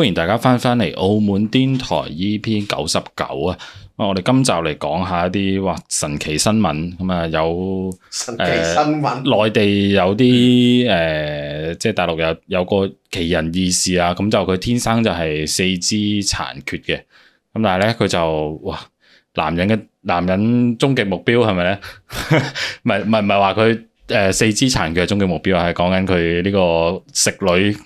歡迎大家翻返嚟《澳門癲台》E P 九十九啊！我哋今集嚟講下一啲哇神奇新聞，咁啊有神奇新聞，新聞呃、內地有啲誒、呃，即係大陸有有個奇人異事啊！咁就佢天生就係四肢殘缺嘅，咁但係咧佢就哇男人嘅男人終極目標係咪咧？唔係唔係話佢誒四肢殘缺嘅終極目標，係講緊佢呢個食女。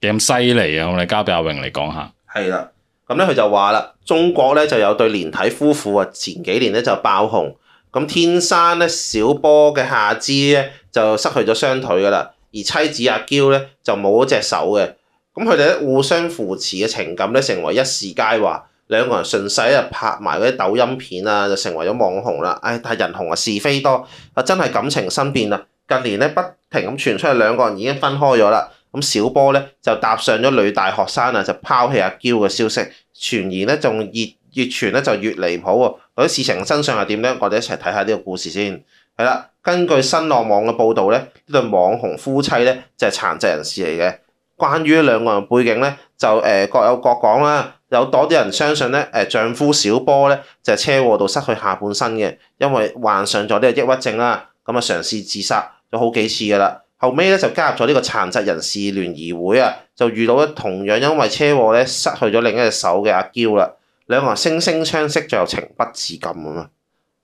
幾咁犀利啊！我哋交俾阿榮嚟講下。係啦，咁咧佢就話啦，中國咧就有對連體夫婦啊，前幾年咧就爆紅。咁天生咧小波嘅下肢咧就失去咗雙腿噶啦，而妻子阿嬌咧就冇咗隻手嘅。咁佢哋咧互相扶持嘅情感咧成為一時佳話，兩個人順勢咧拍埋嗰啲抖音片啊，就成為咗網紅啦。唉、哎，但係人紅啊是非多，啊真係感情生變啦。近年咧不停咁傳出嚟，兩個人已經分開咗啦。咁小波咧就搭上咗女大學生啊，就拋棄阿嬌嘅消息，傳言咧仲越越傳咧就越離譜喎。嗰啲事情真相係點咧？我哋一齊睇下呢個故事先。係啦，根據新浪網嘅報道咧，呢對網紅夫妻咧就係殘疾人士嚟嘅。關於兩個人背景咧，就誒各有各講啦。有多啲人相信咧，誒丈夫小波咧就係車禍度失去下半身嘅，因為患上咗呢個抑鬱症啦，咁啊嘗試自殺咗好幾次噶啦。後尾咧就加入咗呢個殘疾人士聯誼會啊，就遇到咗同樣因為車禍咧失去咗另一隻手嘅阿嬌啦，兩個人惺惺相惜，最後就情不自禁咁啊，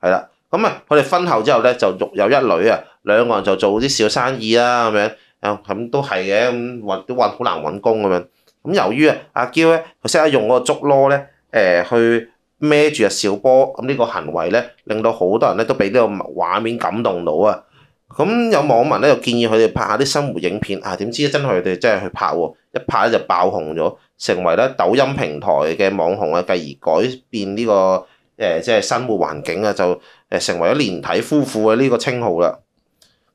係啦，咁啊佢哋婚後之後咧就育有一女啊，兩個人就做啲小生意啦咁樣，咁都係嘅，咁都揾好難揾工咁樣，咁由於啊阿嬌咧佢識得用嗰個竹籮咧，誒、呃、去孭住阿小波，咁呢個行為咧令到好多人咧都俾呢個畫面感動到啊！咁有網民咧就建議佢哋拍下啲生活影片啊！點知真係佢哋真係去拍喎，一拍咧就爆紅咗，成為咧抖音平台嘅網紅啊，繼而改變呢個誒即係生活環境啊，就誒成為咗連體夫婦嘅呢個稱號啦。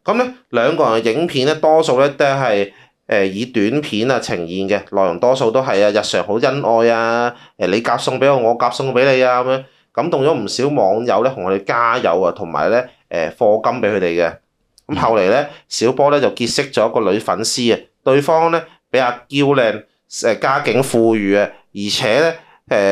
咁咧兩個人嘅影片咧多數咧都係誒以短片啊呈現嘅，內容多數都係啊日常好恩愛啊，誒你夾餸俾我，我夾餸俾你啊咁樣，感動咗唔少網友咧同佢哋加油啊，同埋咧誒課金俾佢哋嘅。咁、嗯、後嚟咧，小波咧就結識咗一個女粉絲啊。對方咧比較嬌靚，誒家境富裕啊，而且咧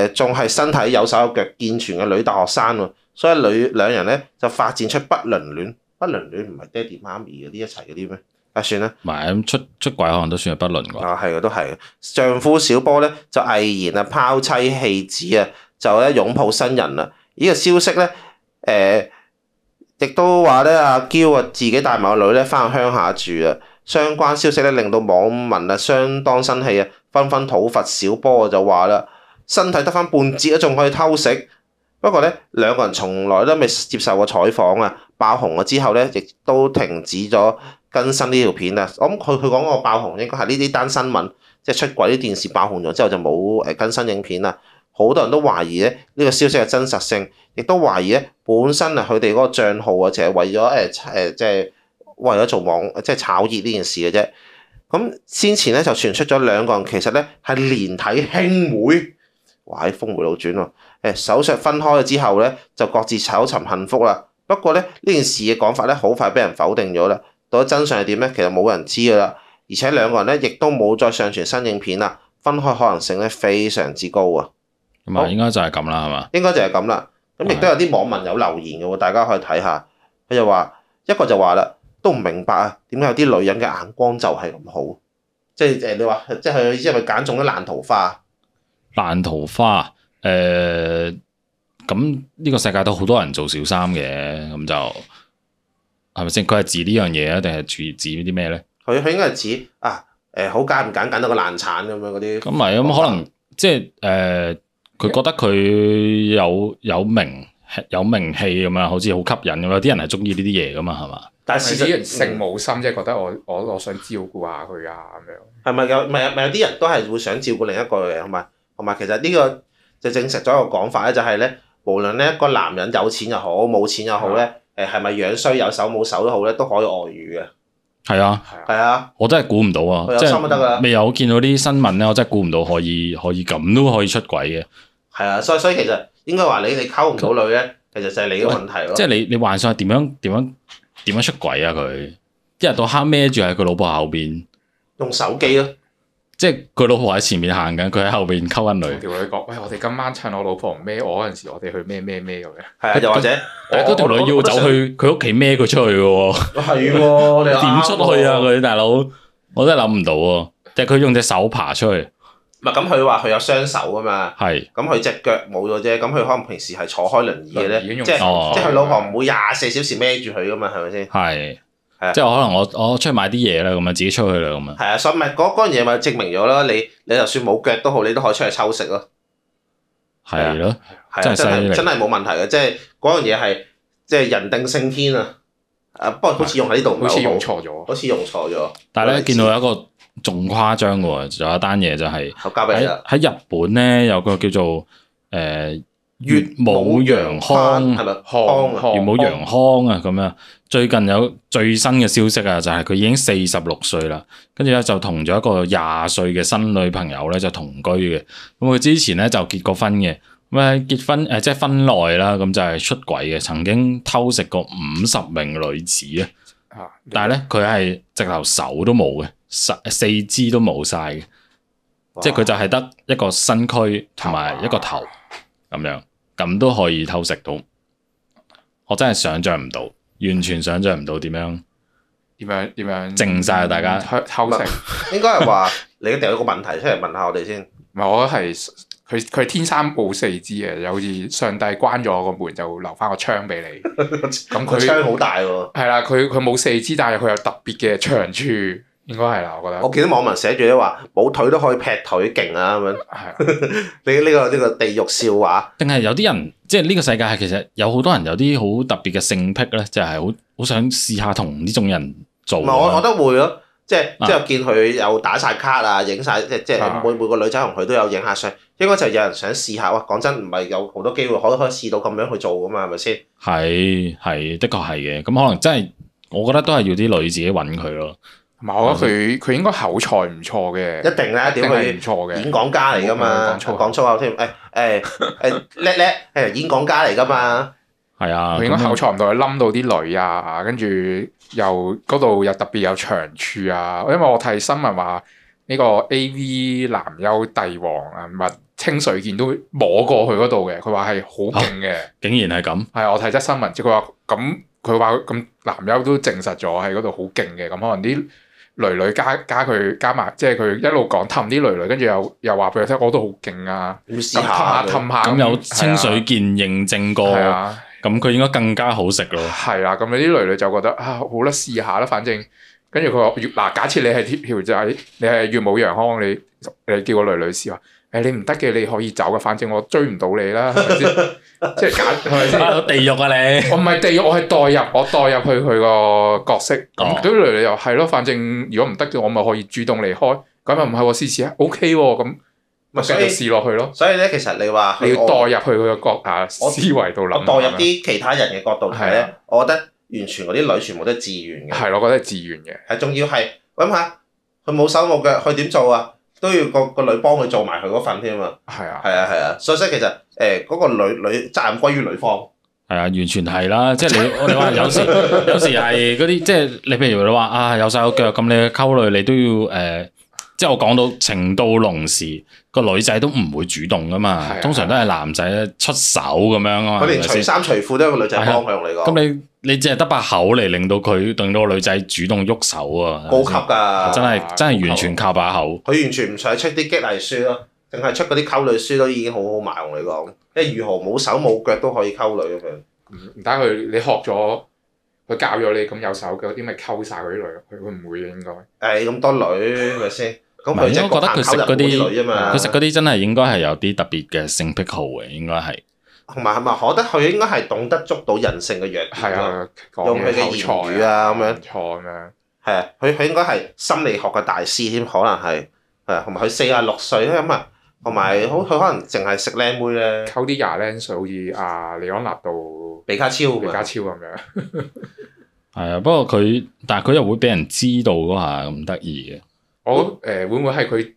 誒仲係身體有手有腳健全嘅女大學生喎。所以女兩人咧就發展出不倫戀，不倫戀唔係爹哋媽咪嗰啲一齊嗰啲咩？啊，算啦。唔係咁出出軌可能都算係不倫啩。啊，係啊，都係丈夫小波咧就毅然啊拋妻棄子啊，就咧擁抱新人啦。呢、這個消息咧誒。呃亦都話咧，阿嬌啊，自己帶埋個女咧翻鄉下住啊。相關消息咧令到網民啊相當生氣啊，紛紛討伐小波就話啦，身體得翻半截都仲可以偷食。不過咧，兩個人從來都未接受過採訪啊。爆紅咗之後咧，亦都停止咗更新呢條片啊。我諗佢佢講嗰個爆紅應該係呢啲單新聞，即係出軌啲電視爆紅咗之後就冇誒更新影片啦。好多人都懷疑咧呢個消息嘅真實性，亦都懷疑咧本身啊佢哋嗰個賬號啊、呃，就係、是、為咗誒誒即係為咗做網即係、就是、炒熱呢件事嘅啫。咁先前咧就傳出咗兩個人其實咧係連體兄妹，哇！風回路轉，峰迴路轉喎，誒、哎、手術分開咗之後咧就各自搜尋幸福啦。不過咧呢件事嘅講法咧好快俾人否定咗啦。到底真相係點咧？其實冇人知㗎啦。而且兩個人咧亦都冇再上傳新影片啦，分開可能性咧非常之高啊！咁啊，好應該就係咁啦，係嘛？應該就係咁啦。咁亦都有啲網民有留言嘅喎，的大家可以睇下。佢就話：一個就話啦，都唔明白啊，點解有啲女人嘅眼光就係咁好？即係誒，你話即係佢，即係咪揀中咗爛桃花？爛桃花誒，咁、呃、呢個世界都好多人做小三嘅，咁就係咪先？佢係指，指呢樣嘢啊，定係指指啲咩咧？係佢應該係指啊誒，好揀唔揀揀到個爛產咁樣嗰啲。咁咪咁可能即係誒？呃佢覺得佢有有名有名氣咁樣，好似好吸引咁啊！有啲人係中意呢啲嘢噶嘛，係嘛？但係事實，性冇心即係覺得我我我想照顧下佢啊咁樣。係咪有？咪咪有啲人都係會想照顧另一個嘅，同埋同埋其實呢個就證實咗一個講法咧，就係、是、咧，無論呢個男人有錢又好，冇錢又好咧，誒係咪樣衰有手冇手都好咧，都可以外遇嘅。係啊，係啊，的我真係估唔到啊，即係未有見到啲新聞咧，的我真係估唔到可以可以咁都可以出軌嘅。係啊，所以所以其實應該話你你溝唔到女咧，那其實就係你嘅問題咯。即係你你幻想係點樣點樣點樣出軌啊佢，一日到黑孭住喺佢老婆後邊，用手機咯、啊。即係佢老婆喺前面行緊，佢喺後邊溝緊女，條女講：，喂，我哋今晚趁我老婆唔孭我嗰陣時，我哋去孭孭孭咁樣。係啊，又或者我都條女要走去佢屋企孭佢出去嘅。係，你點出去啊？佢大佬，我真係諗唔到。即係佢用隻手爬出去。係，咁佢話佢有雙手噶嘛？係。咁佢隻腳冇咗啫，咁佢可能平時係坐開輪椅嘅咧。已經用哦。即係佢老婆唔會廿四小時孭住佢噶嘛？係咪先？係。係，啊、即係可能我我出去買啲嘢啦，咁啊自己出去啦，咁啊。係啊，所以咪嗰嗰樣嘢咪證明咗咯，你你就算冇腳都好，你都可以出去偷食咯。係咯、啊，啊、真係犀利，害真係冇問題嘅，即係嗰樣嘢係即係人定勝天啊！啊，不過好似用喺呢度唔係好，好似用錯咗，好似用錯咗。錯但係咧見到一有，一、就是、有一個仲誇張嘅，仲有一單嘢就係喺喺日本咧有個叫做誒。呃岳母楊康，岳母楊康啊，咁康樣最近有最新嘅消息啊，就係佢已經四十六歲啦，跟住咧就同咗一個廿歲嘅新女朋友咧就同居嘅。咁佢之前咧就結過婚嘅，咁啊結婚誒即係婚內啦，咁就係、是、出軌嘅，曾經偷食過五十名女子啊。但係咧佢係直頭手都冇嘅，四,四肢都冇晒嘅，哇即係佢就係得一個身軀同埋一個頭。咁樣，咁都可以偷食到，我真係想象唔到，完全想象唔到點樣點樣點樣淨晒大家偷食，應該係話你一定有個問題出嚟問下我哋先。唔係，我係佢佢天生冇四肢嘅，就好似上帝關咗個門，就留翻個窗俾你。咁佢 窗好他大喎、啊。係啦，佢佢冇四肢，但係佢有特別嘅長處。應該係啦，我覺得。我見啲網民寫住咧話，冇腿都可以劈腿勁啊，咁樣。你呢呢個呢、呢個地獄笑話。定係有啲人，即係呢個世界係其實有好多人有啲好特別嘅性癖咧，就係好好想試下同呢種人做、啊。唔係，我我覺得會咯、啊，即係即係見佢有打晒卡啊，影晒即即每、啊、每個女仔同佢都有影下相，應該就有人想試下。哇，講真，唔係有好多機會可可以試到咁樣去做噶嘛，係咪先？係係的確係嘅，咁可能真係，我覺得都係要啲女自己揾佢咯。 唔係，我覺得佢佢應該口才唔錯嘅，一定啦，點佢唔錯嘅演講家嚟噶嘛，講粗口添，誒誒誒叻叻，誒演講家嚟噶嘛，係啊，佢應該口才唔到，佢冧、嗯、到啲女啊，跟住又嗰度又特別有長處啊，因為我睇新聞話呢、呢個 A.V. 男優帝王啊，咪清水健都摸過去嗰度嘅，佢話係好勁嘅，竟然係咁，係啊，我睇則新聞即係佢話咁，佢話咁男優都證實咗喺嗰度好勁嘅，咁可能啲。女女加加佢加埋，即係佢一路講氹啲女女，跟住又又話俾佢聽，我都好勁啊！氹下氹下咁，有清水見認證過，咁佢、啊、應該更加好食咯。係啊，咁啲女女就覺得啊，好啦，試下啦，反正跟住佢話，嗱、啊，假設你係貼條仔，你係月母楊康，你你叫個女女試下。誒你唔得嘅，你可以走嘅，反正我追唔到你啦，係咪先？即係揀係咪先？地獄啊你！我唔係地獄，我係代入，我代入去佢個角色。咁對你又係咯，反正如果唔得嘅，我咪可以主動離開。咁又唔係試試啊？OK 喎，咁咪繼續試落去咯。所以咧，其實你話你要代入去佢個角啊思維度諗我代入啲其他人嘅角度睇咧，我覺得完全嗰啲女全部都係自願嘅。係咯，我覺得係自願嘅。係，仲要係揾下佢冇手冇腳，佢點做啊？都要個個女幫佢做埋佢嗰份添啊！係啊，係啊，係啊，所以即係其實誒嗰、呃嗰個女女，責任歸於女方，係啊，完全係啦。 即係你我哋話有時有時係嗰啲，即係你譬如你話啊有手有腳咁，你溝女你都要誒、呃，即係我講到情到濃時，個女仔都唔會主動㗎嘛，啊、通常都係男仔出手咁樣咯。佢連除衫除褲都係個女仔幫佢嚟講。你淨係得把口嚟令到佢，令到個女仔主動喐手啊！高級㗎，真係真係完全靠把口。佢完全唔使出啲激勵書咯，淨係出嗰啲溝女書都已經好好賣。我同你講，即係如何冇手冇腳都可以溝女咁樣。唔唔，打佢，你學咗佢教咗你咁有手腳，啲咪溝曬嗰啲女？佢會唔會嘅應該。誒，咁多女咪先，咁佢只係難溝到冇啲女啊嘛。佢食嗰啲真係應該係有啲特別嘅性癖好嘅，應該係。同埋係咪？我覺得佢應該係懂得捉到人性嘅弱點，用佢嘅才語啊咁樣錯咁樣。係啊，佢佢應該係心理學嘅大師添，可能係係啊。同埋佢四十六歲咧咁啊，同埋好佢可能淨係食靚妹咧，溝啲廿零歲好似李安納度，比卡超、比卡超咁樣。係啊，不過佢但係佢又會俾人知道嗰下咁得意嘅。我誒會唔會係佢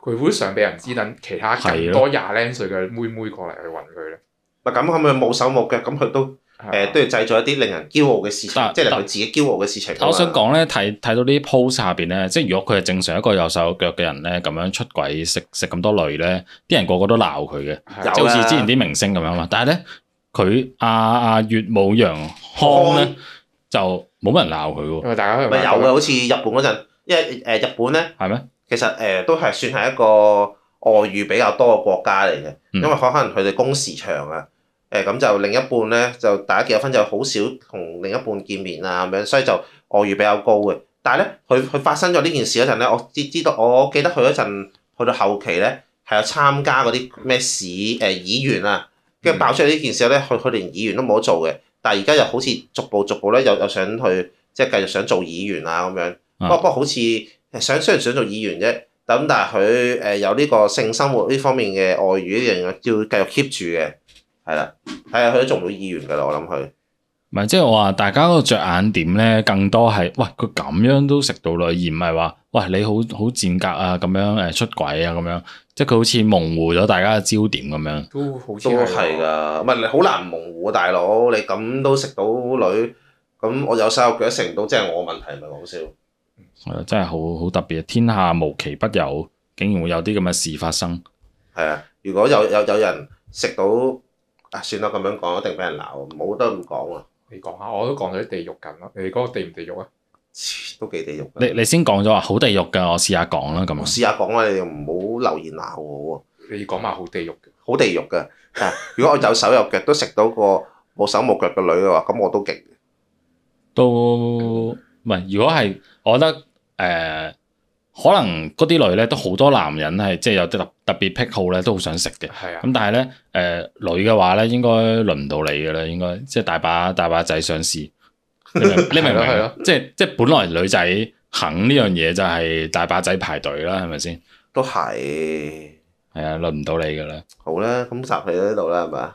佢都想俾人知等其他更多廿零歲嘅妹妹過嚟去揾佢咧？咁，咁佢冇手冇腳，咁佢都誒的都要製造一啲令人驕傲嘅事情，但即係令佢自己驕傲嘅事情。我想講咧，睇睇到呢啲 post 下邊咧，即係如果佢係正常一個有手有腳嘅人咧，咁樣出軌食食咁多女咧，啲人個個都鬧佢嘅，就好似之前啲明星咁樣嘛。但係咧，佢阿阿乙武洋匡咧，啊、就冇乜人鬧佢喎。因為大家有嘅，好似日本嗰陣，因為誒日本咧係咩？其實誒、呃、都係算係一個外遇比較多嘅國家嚟嘅，因為可能佢哋工時長啊。嗯。誒咁、嗯、就另一半咧，就大家結咗婚，就好少同另一半見面啊咁樣，所以就外遇比較高嘅。但係咧，佢佢發生咗呢件事嗰陣咧，我知知道，我記得佢嗰陣去到後期咧係有參加嗰啲咩市誒、呃、議員啊，跟住爆出嚟呢件事咧，佢佢連議員都冇得做嘅。但係而家又好似逐步逐步咧，又又想去即係繼續想做議員啊咁樣。不過不過好似想雖然想做議員啫，咁但係佢誒有呢個性生活呢方面嘅外遇一樣要繼續 keep 住嘅。係啦，係啊，佢都做唔到議員噶啦，我諗佢。唔係即係我話，大家嗰個着眼點咧，更多係喂佢咁樣都食到女，而唔係話喂你好好賤格啊咁樣誒出軌啊咁樣，即係佢好似模糊咗大家嘅焦點咁樣。都好都係㗎，唔係你好難模糊啊，大佬你咁都食到女，咁我有細肉腳食成都即係我問題咪係講笑。係啊，真係好好特別啊！天下無奇不有，竟然會有啲咁嘅事發生。係啊，如果有有有人食到。啊！算啦，咁樣講一定俾人鬧，冇得咁講喎。你講下，我都講咗啲地獄緊咯。你講個地唔地獄啊？都幾地獄。你你先講咗話好地獄㗎，我試下講啦，咁我試下講啦，你哋唔好留言鬧我喎。你講話好地獄。好地獄㗎！如果我有手有腳都食到個冇手冇腳嘅女嘅話，咁我都勁。都唔係，如果係，我覺得誒。可能嗰啲女咧都好多男人係即係有啲特特別癖好咧，都好想食嘅。係是啊，咁但係咧誒女嘅話咧，應該輪唔到你嘅啦，應該即係大把大把仔上試。你明唔明，明、 啊？係咯、啊，即係即係本來女仔肯呢樣嘢就係大把仔排隊啦，係咪先？都係是係啊，輪唔到你嘅啦。好啦，咁集你喺呢度啦，係嘛？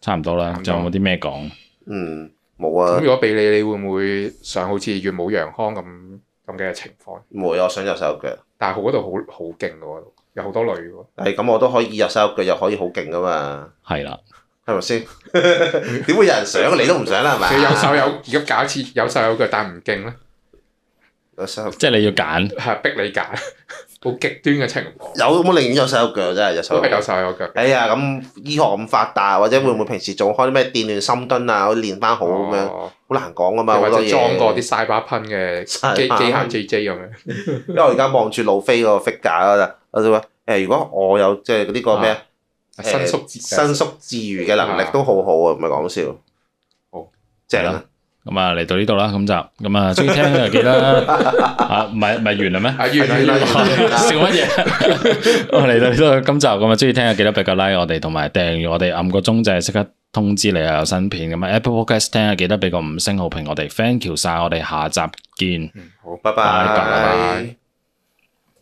差唔多啦，仲有冇啲咩講？嗯，冇啊。咁如果俾你，你會唔會想好似月母楊康咁？ 咁嘅情況，唔會，我想有手有腳，但係佢嗰度好好勁喎，有好多女喎。係咁，我都可以有手有腳，又可以好勁噶嘛。係啦，係咪先？點 會有人想你都唔想係嘛？ 有手有，而家假設有手有腳，但係唔勁咧，有手即係你要揀，逼你揀。 好極端嘅情況，有冇寧願有手有腳真係有手有腳。哎呀，咁醫學咁發達，或者會唔會平時做開啲咩電鍊深蹲啊，去練翻好咁樣？好難講㗎嘛，好多嘢。裝過啲腮巴噴嘅，幾幾行 JJ 咁樣。因為我而家望住路飛嗰個 figure 啊，啊啲乜誒？如果我有即係呢啲個咩啊，伸縮伸縮自如嘅能力都好好啊，唔係講笑。哦，正啦。咁啊，嚟到呢度啦，今集，咁、嗯、啊，中意聽嘅記得， 啊，唔係唔係完嘞咩？啊，完啦，笑乜嘢？啊？我嚟到呢度今集，咁、嗯、啊，中意聽嘅記得畀個 like 我哋，同埋訂閱我哋暗個鐘制，就係即刻通知你又有新片。咁、嗯、啊，Apple Podcast 聽嘅記得畀個五星好評我哋，thank you 晒，我哋下集見，好，拜拜。